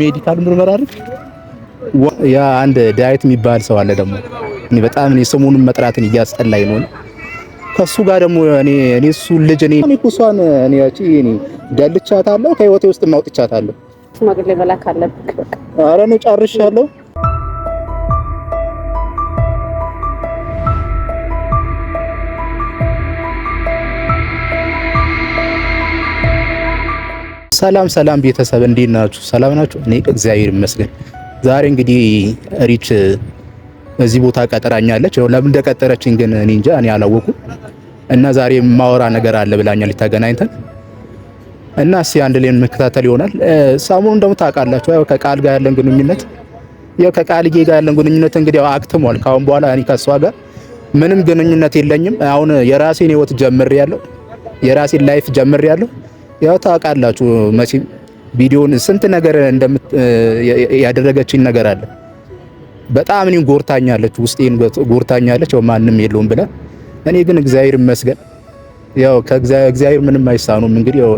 ሜዲካል ምርመራ አይደል? ያ አንድ ዳዊት የሚባል ሰው አለ ደግሞ እኔ በጣም እኔ ስሙንም መጥራትን እያስጠላኝ ነው። ከሱ ጋር ደግሞ እኔ እኔ እሱ ልጅ እኔ እኔ ኩሷን እኔ ያቺ እኔ ደልቻታለሁ፣ ከህይወቴ ውስጥ ማውጥቻታለሁ። ሽማግሌ በላክ አለብክ። ኧረ እኔ ጨርሻለሁ። ሰላም ሰላም ቤተሰብ እንዴት ናችሁ? ሰላም ናችሁ? እኔ እግዚአብሔር ይመስገን። ዛሬ እንግዲህ ሪች እዚህ ቦታ ቀጥራኛለች። ያው ለምን እንደቀጠረችኝ ግን እኔ እንጃ እኔ አላወኩም። እና ዛሬ ማወራ ነገር አለ ብላኛለች ተገናኝተን እና እስኪ አንድ ላይ መከታተል ይሆናል። ሰሞኑን ደግሞ ታውቃላችሁ ያው ከቃል ጋር ያለን ግንኙነት ያው ከቃልዬ ጋር ያለን ግንኙነት እንግዲህ ያው አክትሟል። ካሁን በኋላ እኔ ከሷ ጋር ምንም ግንኙነት የለኝም። አሁን የራሴን ህይወት ጀምሬያለሁ። የራሴን ላይፍ ጀምሬያለሁ። ያው ታውቃላችሁ መቼም ቪዲዮን ስንት ነገር እንደምት ያደረገችኝ ነገር አለ። በጣም እኔን ጎርታኛለች፣ ውስጤን ጎርታኛለች። ያው ማንም የለውም ብለ እኔ ግን እግዚአብሔር ይመስገን ያው ከእግዚአብሔር ምንም አይሳኑም። እንግዲህ ያው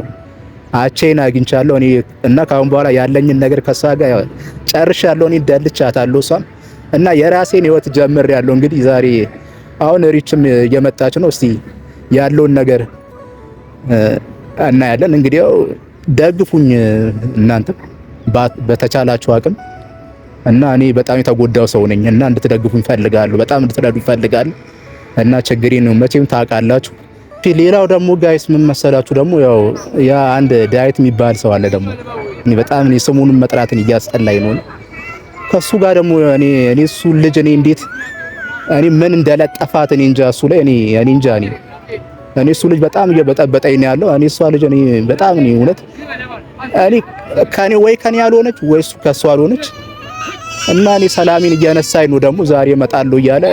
አቼን አግኝቻለሁ እኔ እና ካሁን በኋላ ያለኝን ነገር ከሷ ጋር ጨርሻለሁ። እኔ ደልቻታለሁ እሷም እና የራሴን ህይወት ያለው እንግዲህ ዛሬ አሁን ሪችም እየመጣች ነው። እስቲ ያለውን ነገር እናያለን። ያው ደግፉኝ እናንተ በተቻላችሁ አቅም እና እኔ በጣም የተጎዳው ሰው ነኝ እና እንድትደግፉኝ ፈልጋለሁ። በጣም እንድትረዱ ፈልጋለሁ እና ችግሬ ነው መቼም ታውቃላችሁ። ሌላው ደግሞ ጋይስ ምን መሰላችሁ ደግሞ ያው ያ አንድ ዳይት የሚባል ሰው አለ ደግሞ እኔ በጣም እኔ ስሙን መጥራትን እያስጠላኝ ነው። ከሱ ጋር ደግሞ እኔ እኔ እሱ ልጅ እኔ እንዴት እኔ ምን እንደለጠፋት እኔ እንጃ እሱ ላይ እኔ እኔ እንጃ እኔ እኔ እሱ ልጅ በጣም እየበጠበጠኝ ነው ያለው። እኔ እሷ ልጅ እኔ በጣም ነው እውነት እኔ ከኔ ወይ ከኔ ያልሆነች ወይ እሱ ከሷ ያልሆነች እና እኔ ሰላሜን እያነሳኝ ነው። ደግሞ ዛሬ እመጣለሁ እያለ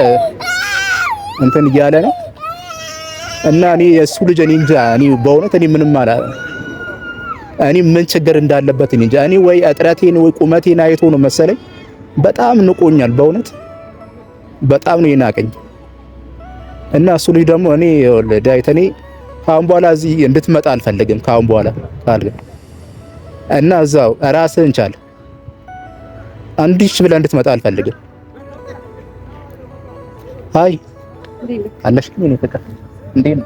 እንትን እያለ ነው እና እኔ እሱ ልጅ እኔ እንጃ እኔ በእውነት እኔ ምንም አላለ እኔ ምን ችግር እንዳለበት እኔ እንጃ። እኔ ወይ እጥረቴን ወይ ቁመቴን አይቶ ነው መሰለኝ በጣም ንቆኛል። በእውነት በጣም ነው የናቀኝ። እና እሱ ልጅ ደግሞ እኔ ዳይተኔ ካሁን በኋላ እዚህ እንድትመጣ አልፈልግም። ካሁን በኋላ እና እዛው ራስህን ቻል አንዲሽ ብለህ እንድትመጣ አልፈልግም። አይ አለሽ ምን ይፈቀ እንዴት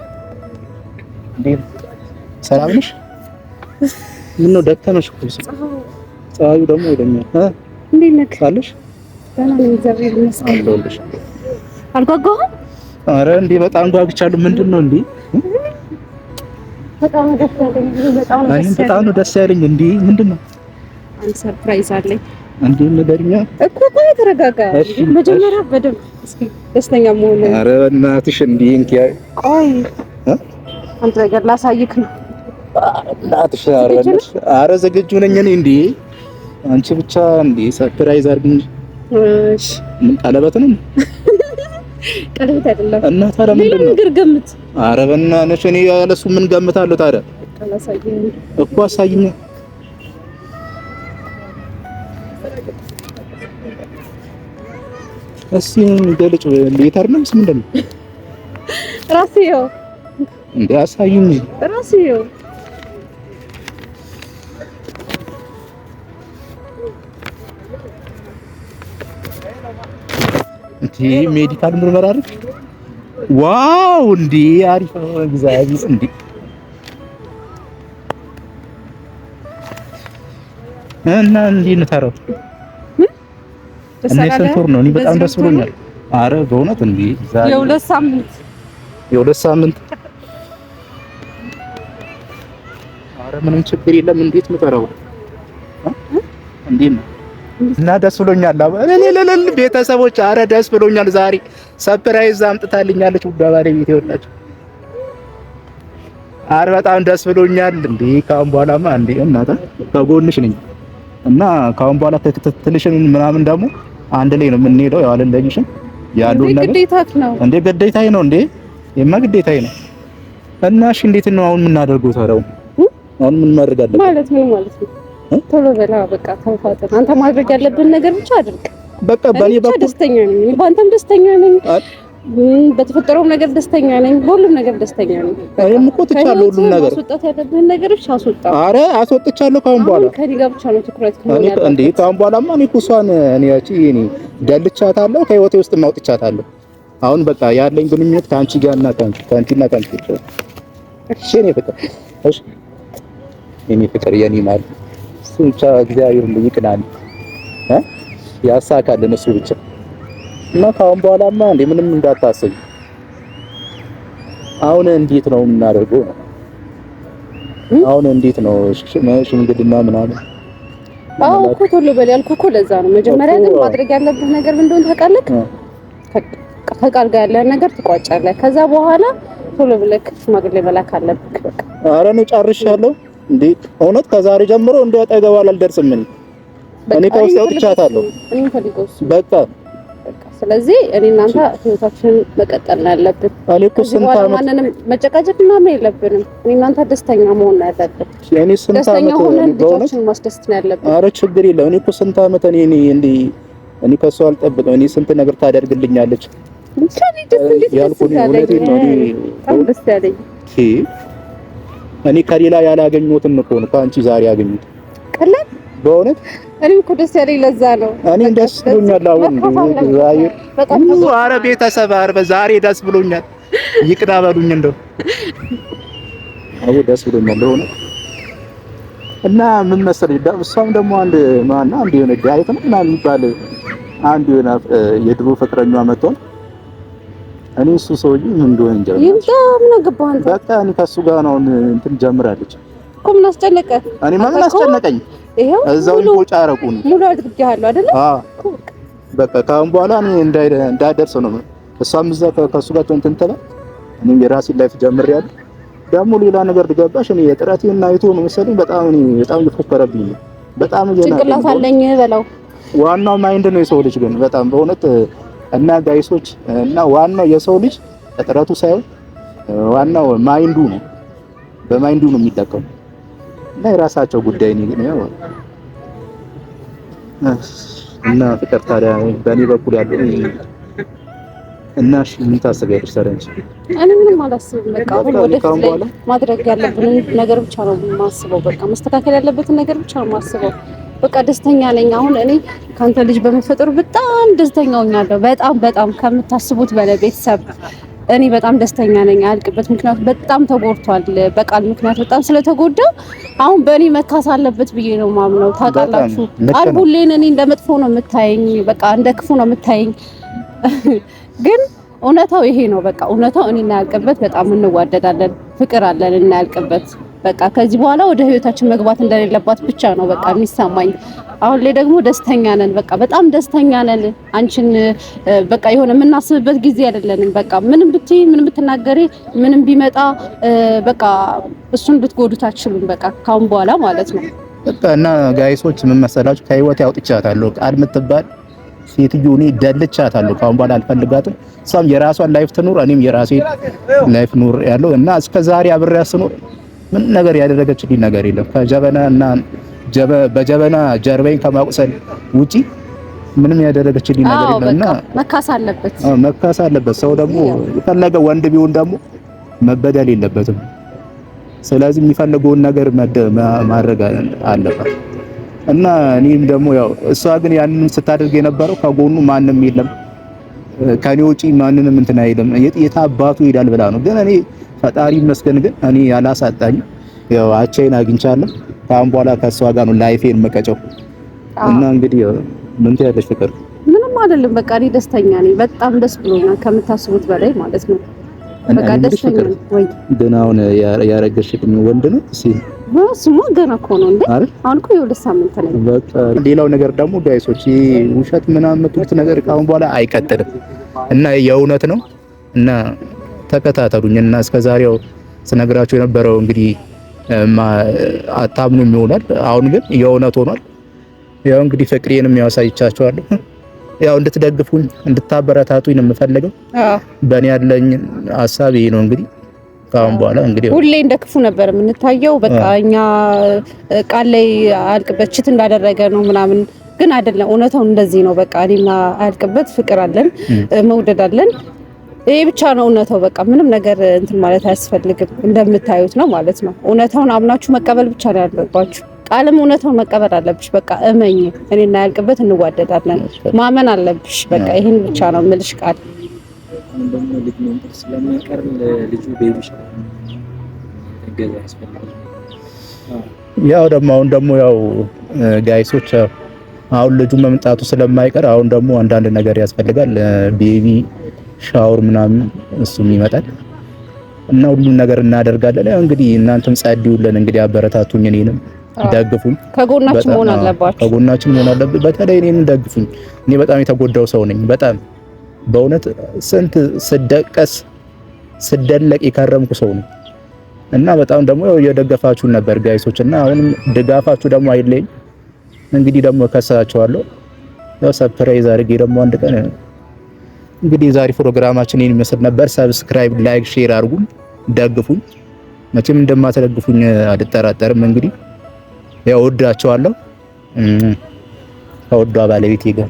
እንዴት ሰላም ነሽ? ምን ነው ደከመሽ እኮ ፀሐዩ ደግሞ ይለኛል። እንዴት ነህ አለሽ? ደህና ነኝ፣ እግዚአብሔር ይመስገን። አልጓጓሁም አረ እንዴ በጣም ጓጉቻለሁ። ምንድን ነው እንዴ? በጣም ደስ ያለኝ በጣም ደስ ነው ደስ ያለኝ። እንዴ ምንድን ነው? አንድ ሰርፕራይዝ አለኝ። እንዴ ነገርኛ እኮ ቆይ ተረጋጋ። መጀመሪያ በደምብ እስኪ ደስተኛ መሆን። አረ እናትሽ እንዴ እንኪ ቆይ አንተ ነገር ላሳይክ ነው። እናትሽ አረ አረ ዝግጁ ነኝ እኔ። እንዴ አንቺ ብቻ እንዴ ሰርፕራይዝ አድርግኝ። እሺ ምን ቀለበት ነው? ቀለበት አይደለም እና ታዲያ ምንድን ነው? ነገር ገምት። ኧረ በእናትሽ እኔ ያለ እሱ ምን ገምታለሁ ታዲያ? እኮ አሳይኝ እስኪ ገልጭ። ሌተር ነው ስም ምንድን ነው? ራስዬው እንደ አሳይኝ። ራስዬው እንዴ ሜዲካል ምርመራ አይደል? ዋው! እንዴ አሪፍ ነው። እግዚአብሔር እንዴ እና እንዴ ነታረው እኔ ሰንቶር ነው? እኔ በጣም ደስ ብሎኛል። አረ በእውነት እንዴ ዛሬ የሁለት ሳምንት የሁለት ሳምንት አረ ምንም ችግር የለም። እንዴት ምጠረው እንዴ ነው እና ደስ ብሎኛል። እኔ ለለል ቤተሰቦች፣ አረ ደስ ብሎኛል። ዛሬ ሰፕራይዝ አምጥታልኛለች ውድ ባለቤቴ ይወጣች። አረ በጣም ደስ ብሎኛል። እንዴ ካሁን በኋላማ እንዴ እናታ ከጎንሽ ነኝ እና ካሁን በኋላ ትክትልሽን ምናምን ደግሞ አንድ ላይ ነው የምንሄደው። ያው አልለይሽም ያሉን ነገር እንዴ ግዴታዬ ነው እንዴ የማ ግዴታዬ ነው። እና እሺ እንዴት ነው አሁን የምናደርገው ታዲያ? አሁን ምን ማድረግ አለብን ማለት ነው ማለት ነው ቶሎ በላ በቃ ተንፋጠን። አንተ ማድረግ ያለብን ነገር ብቻ አድርግ። በቃ በኔ በኩል ደስተኛ ነኝ፣ በአንተም ደስተኛ ነኝ፣ በተፈጠረውም ነገር ደስተኛ ነኝ፣ በሁሉም ነገር ደስተኛ ነኝ። እኔም እኮ ትቻለሁ፣ ሁሉም ነገር ማስወጣት ያለብን ነገር ብቻ አስወጣ። አረ አስወጥቻለሁ። ካሁን በኋላ ከእኔ ጋር ብቻ ነው ትኩረት ከሆነ እንዴ። ከአሁን በኋላማ እኔ እኮ እሷን እኔ ያቺ እኔ ደልቻታለሁ፣ ከህይወቴ ውስጥ ማውጥቻታለሁ። አሁን በቃ ያለኝ ግንኙነት ከአንቺ ጋር እና ከአንቺ ከአንቺ እና ከአንቺ ብቻ። እሺ እኔ ፍቅር፣ እሺ እኔ ፍቅር፣ የኔ ማለት ብቻ እግዚአብሔር ይቅናል ያሳካልን እሱ ብቻ እና ከአሁን በኋላማ እንደ ምንም እንዳታሰብ። አሁን እንዴት ነው የምናደርገው? አሁን እንዴት ነው ሽምግልና ምናምን? አዎ እኮ ቶሎ በል ያልኩህ እኮ ለዛ ነው። መጀመሪያ ግን ማድረግ ያለብህ ነገር እንደሆነ ታውቃለህ። ከቃል ጋር ያለህን ነገር ትቋጫለህ። ከዛ በኋላ ቶሎ ብለህ ሽማግሌ መላክ አለብህ። ኧረ እኔ ጨርሻለሁ። እንዴ እውነት ከዛሬ ጀምሮ እንደ አጠገቧል አልደርስም። እኔ እኔ ከውስጥ አውጥቻታለሁ። በቃ ስለዚህ እኔ እናንተ ህይወታችንን መቀጠል ነው ያለብን። እኔ እኮ ስንት ዓመት ማንንም መጨቃጨቅ ምናምን የለብንም። እኔ እናንተ ደስተኛ መሆን ነው ያለብን። እኔ ስንት ዓመት ልጆችን ማስደስት ነው ያለብን። ኧረ ችግር የለም። እኔ እኮ ስንት ዓመት እኔ እኔ እንዴ እኔ ከእሷ አልጠብቅም። እኔ ስንት ነገር ታደርግልኛለች ያልኩኝ እውነቴን ነው እኔ ያለኝ እኔ ከሌላ ያላገኘሁትን እኮ ነው ከአንቺ ዛሬ ያገኘሁት። ቀላል በእውነት እኔም እኮ ደስ ያለኝ ለዛ ነው። እኔ ደስ ብሎኛል። አሁን ዛሬ አረ ቤተሰብ አረ ዛሬ ደስ ብሎኛል። ይቅና በሉኝ እንደው አዎ ደስ ብሎኛል በእውነት እና ምን መሰለኝ እሷም ደግሞ አንድ ማና አንድ የሆነ ዳዊት ነው ምናምን የሚባል አንድ የሆነ የድሮ ፍቅረኛዋ መጥቷል እኔ እሱ ሰውዬ ምን እንደሆነ እንጃ። ይምጣ፣ ምን አገባህ አንተ። በቃ እኔ ከሱ ጋር ነው እንትን ጀምራለች እኮ። ምን አስጨነቀ? እኔ ምን አስጨነቀኝ? ይሄው እዛው ይቆጫ አረቁን ሙሉ አድርጌሃለሁ አይደለ? አዎ። በቃ ካሁን በኋላ እኔ እንዳደርሰው ነው። እሷም እዛ ከሱ ጋር እንትን ተላ እኔም የራሴን ላይፍ ጀምሬያለሁ። ደግሞ ሌላ ነገር ልገባሽ እኔ እና አይቶ ነው መሰለኝ በጣም እኔ በጣም እየፎከረብኝ ነው። በጣም ጭንቅላት አለኝ በለው። ዋናው ማይንድ ነው የሰው ልጅ ግን በጣም በእውነት እና ጋይሶች እና ዋናው የሰው ልጅ እጥረቱ ሳይሆን ዋናው ማይንዱ ነው። በማይንዱ ነው የሚጠቀሙ እና የራሳቸው ጉዳይ ነው። እና ፍቅር ታዲያ በእኔ በኩል ያለው እና እሺ ምን ታስቢያለሽ? ሰረንጅ እኔ ምንም አላስብም። በቃ አሁን ወደፊት ላይ ማድረግ ያለብን ነገር ብቻ ነው የማስበው። በቃ መስተካከል ያለበትን ነገር ብቻ ነው የማስበው። በቃ ደስተኛ ነኝ። አሁን እኔ ከአንተ ልጅ በመፈጠሩ በጣም ደስተኛ ሆኛለሁ። በጣም በጣም ከምታስቡት በላይ ቤተሰብ እኔ በጣም ደስተኛ ነኝ። አያልቅበት። ምክንያቱ በጣም ተጎድቷል። በቃል ምክንያት በጣም ስለተጎዳ አሁን በእኔ መካስ አለበት ብዬ ነው ማምነው። ታውቃላችሁ፣ አልቡሌን እኔ እንደ መጥፎ ነው የምታየኝ፣ በቃ እንደ ክፉ ነው የምታየኝ። ግን እውነታው ይሄ ነው። በቃ እውነታው እኔ እናያልቅበት በጣም እንዋደዳለን፣ ፍቅር አለን። እናያልቅበት በቃ ከዚህ በኋላ ወደ ህይወታችን መግባት እንደሌለባት ብቻ ነው በቃ የሚሰማኝ። አሁን ላይ ደግሞ ደስተኛ ነን፣ በቃ በጣም ደስተኛ ነን። አንቺን በቃ የሆነ የምናስብበት ጊዜ አይደለንም። በቃ ምንም ብትይ፣ ምንም ብትናገሪ፣ ምንም ቢመጣ በቃ እሱን ልትጎዱት አችሉም፣ በቃ ካሁን በኋላ ማለት ነው በቃ እና ጋይሶች ምን መሰላችሁ ከህይወት ያውጥቻታለሁ ቃል የምትባል ሴትዮ እኔ ደልቻታለሁ። ካሁን በኋላ አልፈልጋትም። እሷም የራሷን ላይፍ ትኑር፣ እኔም የራሴ ላይፍ ኑር ያለው እና እስከዛሬ አብሬያት ስኖር ምን ነገር ያደረገችልኝ ነገር የለም። ከጀበና እና በጀበና ጀርባዬን ከማቁሰል ውጪ ምንም ያደረገችልኝ ነገር የለምና መካስ አለበት፣ መካስ አለበት። ሰው ደግሞ የፈለገ ወንድ ቢሆን ደግሞ መበደል የለበትም። ስለዚህ የሚፈልገውን ነገር ማድረግ አለበት እና እኔም ደግሞ ያው እሷ ግን ያንን ስታደርግ የነበረው ከጎኑ ማንም የለም ከኔ ውጪ ማንንም እንትን አይልም የት አባቱ ይሄዳል ብላ ነው። ግን እኔ ፈጣሪ ይመስገን ግን እኔ ያላሳጣኝ ያው አቻዬን አግኝቻለሁ። ከአሁን በኋላ ከሷ ጋር ነው ላይፌን መቀጨው እና እንግዲህ ምን ትያለሽ ፍቅር? ምንም አይደለም። በቃ እኔ ደስተኛ ነኝ። በጣም ደስ ብሎኛል ከምታስቡት በላይ ማለት ነው። በቃ ደስተኛ ነኝ ወይ? ግን አሁን ያረገሽልኝ ወንድ ነው በስሙ ገና እኮ ነው እንዴ? አሁን እኮ የሁለት ሳምንት ላይ። ሌላው ነገር ደግሞ ጋይሶች ውሸት ምናምን የምትሉት ነገር ከአሁን በኋላ አይቀጥልም እና የእውነት ነው እና ተከታተሉኝ እና እስከዛሬው ስነግራችሁ የነበረው እንግዲህ አታምኑም ይሆናል። አሁን ግን የእውነት ሆኗል። ያው እንግዲህ ፍቅሬንም ያሳይቻችኋለሁ። ያው እንድትደግፉኝ እንድታበረታቱኝ ነው የምፈልገው። በእኔ ያለኝ ሀሳብ ይሄ ነው እንግዲህ ከአሁን በኋላ እንግዲህ ሁሌ እንደ ክፉ ነበር የምንታየው። በቃ እኛ ቃል ላይ አልቅበት ችት እንዳደረገ ነው ምናምን ግን አይደለም። እውነታው እንደዚህ ነው። በቃ እኔና አልቅበት ፍቅር አለን፣ መውደድ አለን። ይሄ ብቻ ነው እውነታው። በቃ ምንም ነገር እንትን ማለት አያስፈልግም። እንደምታዩት ነው ማለት ነው። እውነታውን አምናችሁ መቀበል ብቻ ነው ያለባችሁ። ቃልም እውነታውን መቀበል አለብሽ። በቃ እመኝ፣ እኔና አያልቅበት እንዋደዳለን። ማመን አለብሽ። በቃ ይህን ብቻ ነው ምልሽ ቃል አሁን ደግሞ ልጅ መምጣት ስለማይቀር ልጁ ቤቢ ሻወር እገዛ ያስፈልጋል። ያው ደግሞ አሁን ደግሞ ያው ጋይሶች አሁን ልጁ መምጣቱ ስለማይቀር አሁን ደግሞ አንዳንድ ነገር ያስፈልጋል። ቤቢ ሻወር ምናምን እሱም ይመጣል እና ሁሉም ነገር እናደርጋለን። ያው እንግዲህ እናንተም ጸልዩልን፣ እንግዲህ አበረታቱኝ፣ እኔንም ደግፉኝ። ከጎናችን መሆን አለባችሁ፣ ከጎናችን መሆን አለብን። በተለይ እኔንም ደግፉኝ። እኔ በጣም የተጎዳው ሰው ነኝ በጣም በእውነት ስንት ስደቀስ ስደለቅ የከረምኩ ሰው ነው እና በጣም ደግሞ የደገፋችሁን ነበር ጋይሶች እና አሁንም ድጋፋችሁ ደግሞ አይለኝ። እንግዲህ ደግሞ ከሳችኋለሁ። ያው ሰርፕራይዝ አድርጌ ደግሞ አንድ ቀን እንግዲህ ዛሬ ፕሮግራማችን ይሄን ይመስል ነበር። ሰብስክራይብ፣ ላይክ፣ ሼር አድርጉኝ፣ ደግፉኝ። መቼም እንደማትደግፉኝ አልጠራጠርም። እንግዲህ ያው ወዳችኋለሁ ከወዷ ባለቤቴ ጋር